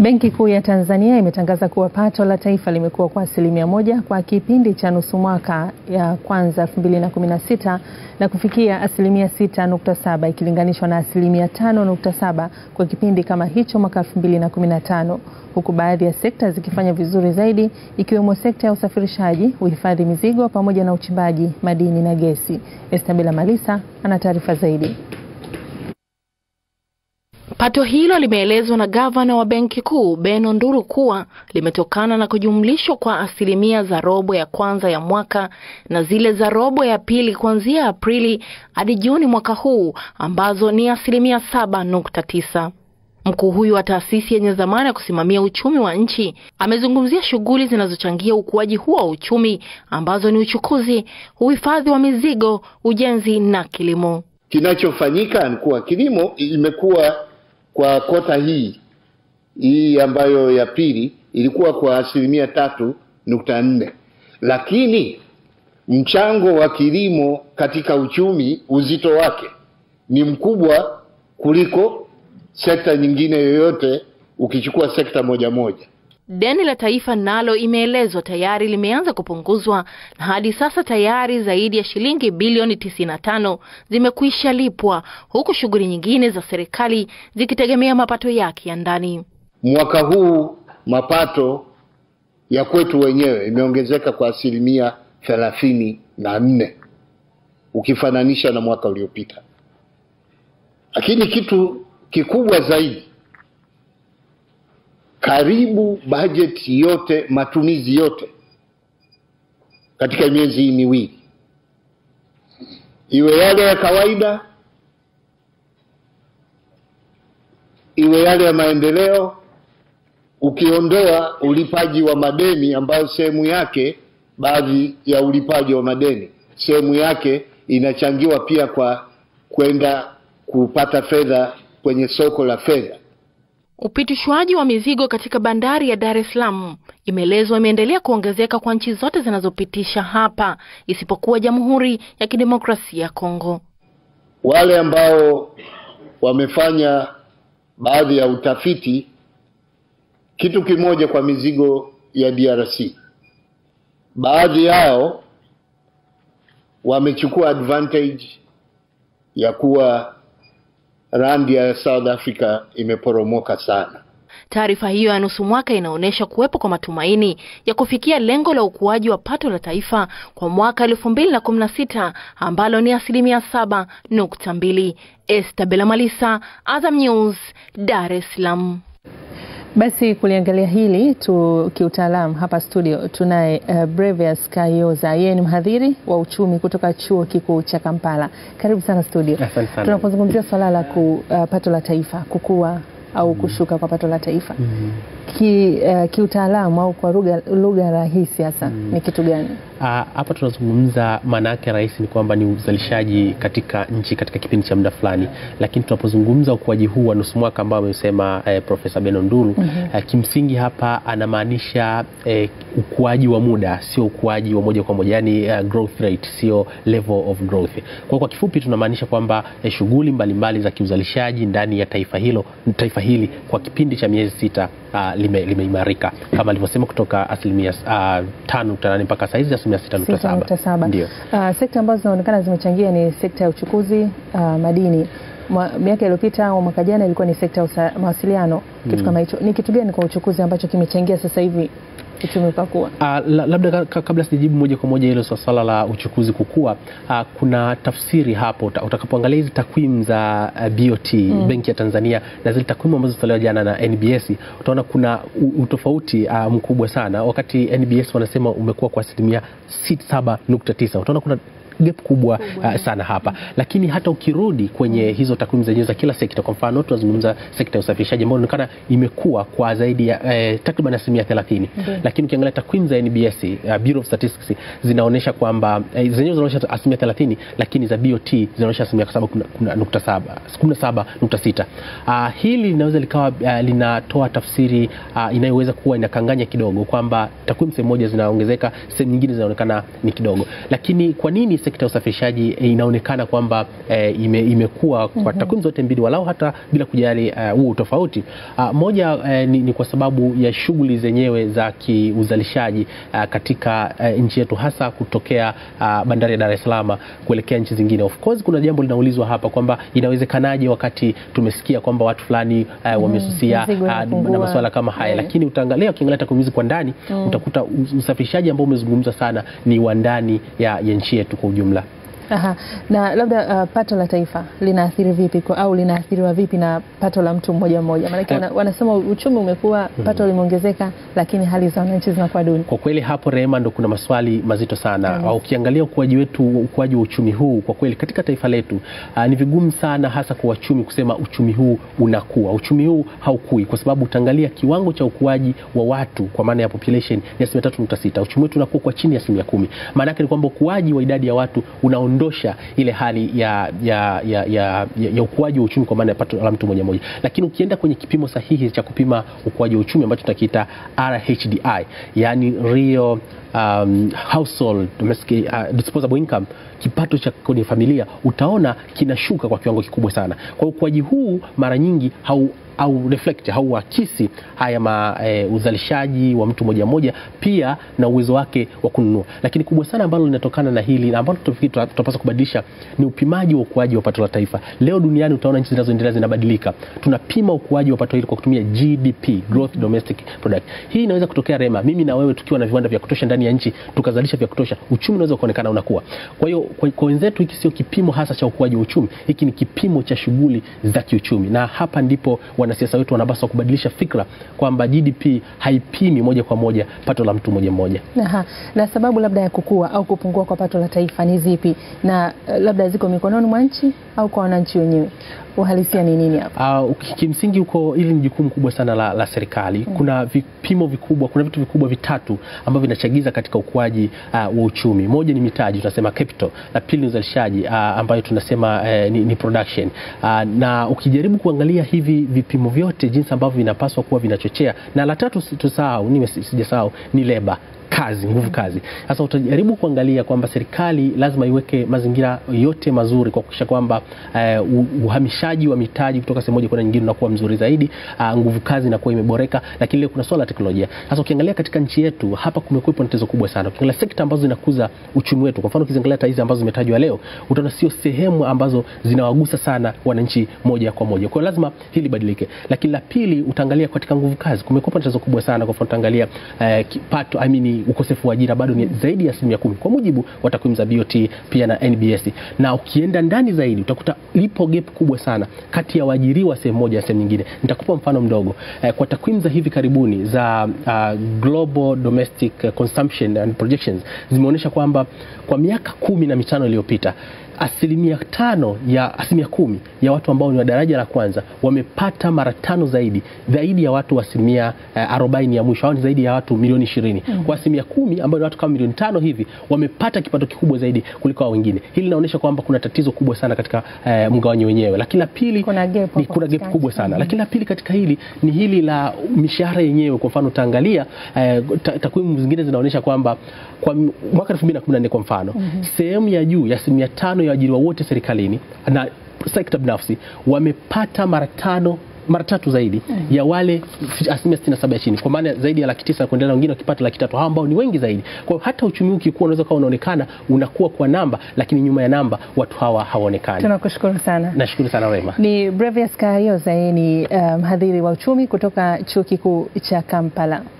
Benki Kuu ya Tanzania imetangaza kuwa pato la taifa limekuwa kwa asilimia moja kwa kipindi cha nusu mwaka ya kwanza 2016 na, na kufikia asilimia 6.7 ikilinganishwa na asilimia 5.7 kwa kipindi kama hicho mwaka 2015, huku baadhi ya sekta zikifanya vizuri zaidi ikiwemo sekta ya usafirishaji, uhifadhi mizigo pamoja na uchimbaji madini na gesi. Estabela Malisa ana taarifa zaidi. Pato hilo limeelezwa na gavana wa Benki Kuu Beno Nduru kuwa limetokana na kujumlishwa kwa asilimia za robo ya kwanza ya mwaka na zile za robo ya pili kuanzia Aprili hadi Juni mwaka huu ambazo ni asilimia saba nukta tisa. Mkuu huyu wa taasisi yenye dhamana ya kusimamia uchumi wa nchi amezungumzia shughuli zinazochangia ukuaji huo wa uchumi ambazo ni uchukuzi, uhifadhi wa mizigo, ujenzi na kilimo. Kinachofanyika ni kuwa kilimo imekuwa kwa kota hii hii ambayo ya pili ilikuwa kwa asilimia tatu nukta nne lakini mchango wa kilimo katika uchumi uzito wake ni mkubwa kuliko sekta nyingine yoyote ukichukua sekta moja moja. Deni la taifa nalo imeelezwa tayari limeanza kupunguzwa na hadi sasa tayari zaidi ya shilingi bilioni 95 zimekwisha lipwa huku shughuli nyingine za serikali zikitegemea mapato yake ya ndani. Mwaka huu mapato ya kwetu wenyewe imeongezeka kwa asilimia thelathini na nne ukifananisha na mwaka uliopita, lakini kitu kikubwa zaidi karibu bajeti yote, matumizi yote katika miezi hii miwili, iwe yale ya kawaida, iwe yale ya maendeleo, ukiondoa ulipaji wa madeni ambayo sehemu yake, baadhi ya ulipaji wa madeni sehemu yake inachangiwa pia kwa kwenda kupata fedha kwenye soko la fedha Upitishwaji wa mizigo katika bandari ya Dar es Salaam imeelezwa imeendelea kuongezeka kwa nchi zote zinazopitisha hapa isipokuwa Jamhuri ya Kidemokrasia ya Kongo. Wale ambao wamefanya baadhi ya utafiti, kitu kimoja kwa mizigo ya DRC, baadhi yao wamechukua advantage ya kuwa randi ya South Africa imeporomoka sana. Taarifa hiyo ya nusu mwaka inaonyesha kuwepo kwa matumaini ya kufikia lengo la ukuaji wa pato la taifa kwa mwaka 2016 ambalo ni asilimia 7.2. Esta Bela Malisa, Azam News, Dar es Salaam. Basi kuliangalia hili tu kiutaalamu hapa studio tunaye uh, Brevius Kayoza. Yeye ni mhadhiri wa uchumi kutoka Chuo Kikuu cha Kampala. Karibu sana studio. Tunapozungumzia swala la ku, uh, pato la taifa kukua au mm-hmm. kushuka kwa pato la taifa mm -hmm. Ki, uh, kiutaalamu au kwa lugha rahisi hasa mm -hmm. ni kitu gani? Ah, hapa tunazungumza, maana yake rais ni kwamba ni uzalishaji katika nchi katika kipindi cha muda fulani, lakini tunapozungumza ukuaji huu wa nusu mwaka ambao amesema eh, Profesa Beno Ndulu mm -hmm. eh, kimsingi hapa anamaanisha eh, ukuaji wa muda, sio ukuaji wa moja kwa moja, yani uh, growth rate, sio level of growth. Kwa kwa kifupi tunamaanisha kwamba eh, shughuli mbalimbali za kiuzalishaji ndani ya taifa hilo taifa hili kwa kipindi cha miezi sita uh, limeimarika lime kama alivyosema kutoka asilimia uh, tano nukta nane mpaka saizi asilimia sita nukta saba saba ndio. Uh, sekta ambazo zinaonekana zimechangia ni sekta ya uchukuzi uh, madini miaka iliyopita au mwaka jana ilikuwa ni sekta ya mawasiliano, kitu mm. kama hicho. Ni kitu gani kwa uchukuzi ambacho kimechangia sasa hivi tumepakua. Uh, ah, labda kabla sijajibu moja kwa moja hilo swala la uchukuzi kukua, uh, kuna tafsiri hapo utakapoangalia hizi takwimu za uh, eh, BOT mm. Benki ya Tanzania na zile takwimu ambazo zitolewa jana na NBS, utaona kuna utofauti uh, mkubwa sana. Wakati NBS wanasema umekuwa kwa asilimia 679 utaona kuna gap kubwa uh, sana hapa, lakini hata ukirudi kwenye mm. hizo takwimu zenyewe za kila sekta, kwa mfano tunazungumza sekta ya usafirishaji ambayo inaonekana imekuwa kwa zaidi ya eh, takriban asilimia 30 lakini ukiangalia takwimu za NBS, uh, eh, Bureau of Statistics zinaonyesha kwamba eh, zenyewe zinaonyesha asilimia 30 lakini za BOT zinaonyesha asilimia 17.6. Uh, ah, hili linaweza likawa uh, linatoa tafsiri uh, inayoweza kuwa inakanganya kidogo kwamba takwimu sehemu moja zinaongezeka, sehemu nyingine zinaonekana ni kidogo. Lakini kwa nini sekta ya usafirishaji eh, inaonekana kwamba e, ime, imekuwa kwa mhm. takwimu zote mbili walau hata bila kujali eh, huu uh, tofauti uh, ah, moja uh, ni, ni kwa sababu ya shughuli zenyewe za kiuzalishaji uh, katika uh, nchi yetu hasa kutokea uh, bandari ya Dar es Salaam kuelekea nchi zingine. Of course kuna jambo linaulizwa hapa kwamba inawezekanaje wakati tumesikia kwamba watu fulani uh, wamesusia mm, uh, na masuala kama haya yeah. Lakini utaangalia ukiangalia takwimu kwa ndani mm utakuta usafirishaji ambao umezungumza sana ni wa ndani ya, ya nchi yetu kwa ujumla. Aha. Na labda uh, pato la taifa linaathiri vipi kwa, au linaathiriwa vipi na pato la mtu mmoja mmoja? Maanake eh. wana, wanasema uchumi umekuwa hmm. pato mm -hmm. limeongezeka, lakini hali za wananchi zinakuwa duni. Kwa kweli hapo, Rehema, ndo kuna maswali mazito sana mm -hmm. Ukiangalia ukuaji wetu, ukuaji wa uchumi huu kwa kweli katika taifa letu uh, ni vigumu sana hasa kwa wachumi kusema uchumi huu unakuwa. Uchumi huu haukui kwa sababu utaangalia kiwango cha ukuaji wa watu kwa maana ya population ni asilimia 3.6. Uchumi wetu unakuwa kwa chini ya asilimia kumi. Maana yake ni kwamba ukuaji wa idadi ya watu unaon kuondosha ile hali ya, ya, ya, ya, ya, ya ukuaji wa uchumi kwa maana ya pato la mtu mmoja mmoja, lakini ukienda kwenye kipimo sahihi cha kupima ukuaji wa uchumi ambacho tunakiita RHDI, yani real um, household domestic, uh, disposable income, kipato cha kwenye familia, utaona kinashuka kwa kiwango kikubwa sana. Kwa ukuaji huu mara nyingi hau au reflect au akisi haya ma, e, uzalishaji wa mtu moja moja, pia na uwezo wake wa kununua. Lakini kubwa sana ambalo linatokana na hili na ambalo tunapaswa kubadilisha ni upimaji wa ukuaji wa pato la taifa. Leo duniani utaona nchi zinazoendelea zinabadilika, tunapima ukuaji wa pato hili kwa kutumia GDP, growth Domestic Product. Hii inaweza kutokea Rema, mimi na wewe tukiwa na viwanda vya kutosha ndani ya nchi tukazalisha vya kutosha, uchumi unaweza kuonekana unakuwa. Kwa hiyo kwa wenzetu, hiki sio kipimo hasa cha ukuaji wa uchumi, hiki ni kipimo cha shughuli za kiuchumi, na hapa ndipo wana wanasiasa wetu wanapaswa kubadilisha fikra kwamba GDP haipimi moja kwa moja pato la mtu moja moja. Aha. Na sababu labda ya kukua au kupungua kwa pato la taifa ni zipi, na eh, labda ziko mikononi mwa nchi au kwa wananchi wenyewe? Uhalisia ni nini hapa? Uh, kimsingi huko hili ni jukumu kubwa sana la, la serikali. hmm. Kuna vipimo vikubwa, kuna vitu vikubwa vitatu ambavyo vinachagiza katika ukuaji uh, wa uchumi. Moja ni mitaji tunasema capital, la pili ni uzalishaji uh, ambayo tunasema uh, ni, ni production uh, na ukijaribu kuangalia hivi vipimo vipimo vyote jinsi ambavyo vinapaswa kuwa vinachochea, na la tatu tusahau, sijasahau ni leba kazi, nguvu kazi. Sasa utajaribu kuangalia kwamba serikali lazima iweke mazingira yote mazuri kwa kuhakikisha kwamba uh, uhamishaji wa mitaji kutoka sehemu moja kwenda nyingine unakuwa mzuri zaidi, uh, nguvu kazi inakuwa imeboreka, lakini leo kuna swala la teknolojia. Sasa ukiangalia katika nchi yetu hapa kumekuwepo na tatizo kubwa sana. Ukiangalia sekta ambazo zinakuza uchumi wetu, kwa mfano ukiziangalia hata hizi ambazo zimetajwa leo, utaona sio sehemu ambazo zinawagusa sana wananchi moja kwa moja. Kwa hiyo lazima hili badilike, lakini la pili utaangalia katika nguvu kazi, kumekuwa na tatizo kubwa sana. Kwa mfano utaangalia uh, eh, pato I mean, ukosefu wa ajira bado ni zaidi ya asilimia kumi kwa mujibu wa takwimu za BOT pia na NBS. Na ukienda ndani zaidi utakuta lipo gap kubwa sana kati ya waajiriwa sehemu moja na sehemu nyingine. Nitakupa mfano mdogo eh, kwa takwimu za hivi karibuni za uh, Global Domestic Consumption and Projections zimeonyesha kwamba kwa miaka kumi na mitano iliyopita asilimia tano ya asilimia kumi ya watu ambao ni wa daraja la kwanza wamepata mara tano zaidi zaidi ya watu wa asilimia eh, arobaini ya mwisho, au ni zaidi ya watu milioni ishirini mm -hmm. kwa asilimia kumi ambao ni watu kama milioni tano hivi wamepata kipato kikubwa zaidi kuliko wa wengine. Hili linaonyesha kwamba kuna tatizo kubwa sana katika uh, eh, mgawanyo wenyewe, lakini la pili kuna gap, ni kuna gap kubwa sana mm lakini la pili katika hili ni hili la mishahara yenyewe. Kwa mfano utaangalia eh, takwimu zingine zinaonyesha kwamba kwa mwaka 2014 kwa mfano mm -hmm. sehemu ya juu ya asilimia tano walioajiriwa wote serikalini na sekta binafsi wamepata mara tano mara tatu zaidi mm. ya wale asilimia 67 ya chini, kwa maana zaidi ya laki tisa kuendelea, wengine wakipata laki tatu, hao ambao ni wengi zaidi. Kwa hiyo hata uchumi ukikuwa unaweza kuwa unaonekana unakuwa kwa namba, lakini nyuma ya namba watu hawa hawaonekani. Tunakushukuru sana. Nashukuru sana Rema. Ni Brevius Kayoza, yeye ni eh, mhadhiri um, wa uchumi kutoka chuo kikuu cha Kampala.